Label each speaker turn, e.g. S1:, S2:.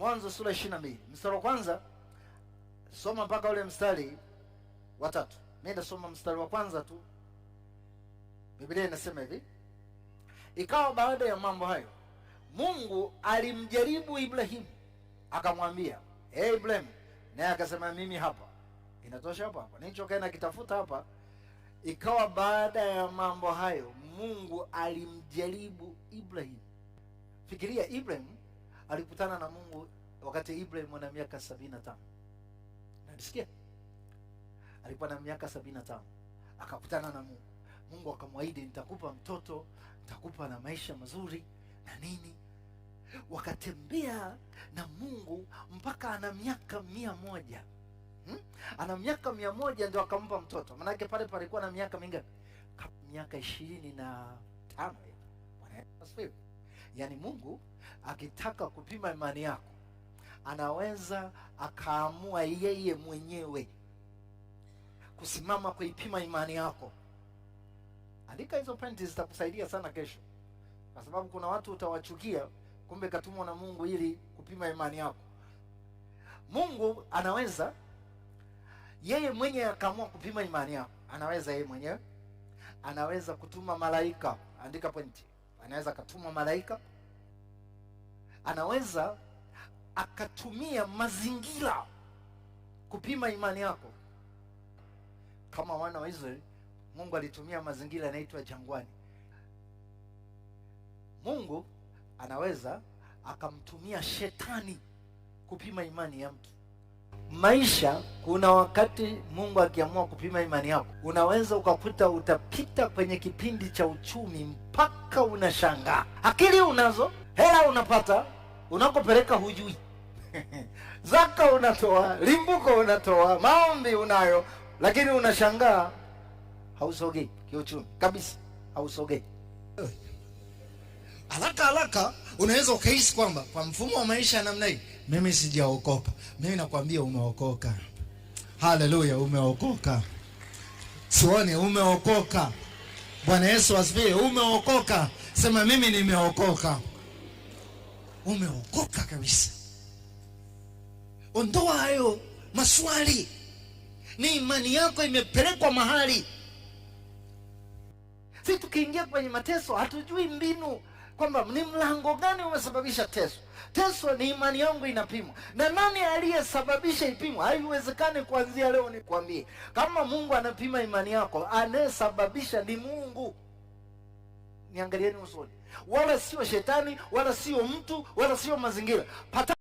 S1: Mwanzo sura ishirini na mbili mstari wa kwanza soma mpaka ule mstari wa tatu. Nenda soma mstari wa kwanza tu. Biblia inasema hivi, ikawa baada ya mambo hayo Mungu alimjaribu Ibrahimu akamwambia, hey, ee Ibrahimu, naye akasema mimi hapa, inatosha hapa hapa, nilichokaa nakitafuta hapa. Ikawa baada ya mambo hayo Mungu alimjaribu Ibrahimu. Fikiria Ibrahimu alikutana na Mungu wakati Ibrahim ana miaka sabini na tano. Unasikia? Alikuwa na miaka sabini na tano akakutana na Mungu. Mungu akamwahidi, nitakupa mtoto, nitakupa na maisha mazuri na nini. Wakatembea na Mungu mpaka ana miaka mia moja. Hmm? Ana miaka mia moja ndio akampa mtoto. Maanake pale palikuwa na miaka mingapi? Miaka ishirini na tano. Bwana asifiwe. Yaani Mungu akitaka kupima imani yako anaweza akaamua yeye mwenyewe kusimama kuipima imani yako. Andika hizo pointi, zitakusaidia sana kesho, kwa sababu kuna watu utawachukia, kumbe katumwa na Mungu ili kupima imani yako. Mungu anaweza yeye mwenyewe akaamua kupima imani yako, anaweza yeye mwenyewe, anaweza kutuma malaika. Andika pointi. Anaweza akatuma malaika, anaweza akatumia mazingira kupima imani yako. Kama wana wa Israeli, Mungu alitumia mazingira yanaitwa jangwani. Mungu anaweza akamtumia shetani kupima imani ya mtu. Maisha, kuna wakati Mungu akiamua kupima imani yako, unaweza ukakuta utapita kwenye kipindi cha uchumi mpaka unashangaa. Akili unazo, hela unapata, unakopeleka hujui zaka unatoa, limbuko unatoa, maombi unayo, lakini unashangaa hausogei kiuchumi kabisa, hausogei haraka haraka. Unaweza ukahisi kwamba kwa mfumo wa maisha ya namna hii mimi sijaokoka. Mimi nakwambia umeokoka. Haleluya, umeokoka. Sione umeokoka. Bwana Yesu asifiwe. Umeokoka. Sema mimi nimeokoka. Umeokoka kabisa. Ondoa hayo maswali. Ni imani yako imepelekwa mahali. si tukiingia kwenye mateso hatujui mbinu kwamba ni mlango gani umesababisha teso. Teso ni imani yangu inapimwa na nani aliyesababisha ipimwa. Haiwezekani kuanzia leo nikwambie, kama Mungu anapima imani yako, anayesababisha ni Mungu. Niangalieni usoni, wala sio shetani, wala sio mtu, wala sio mazingira Pata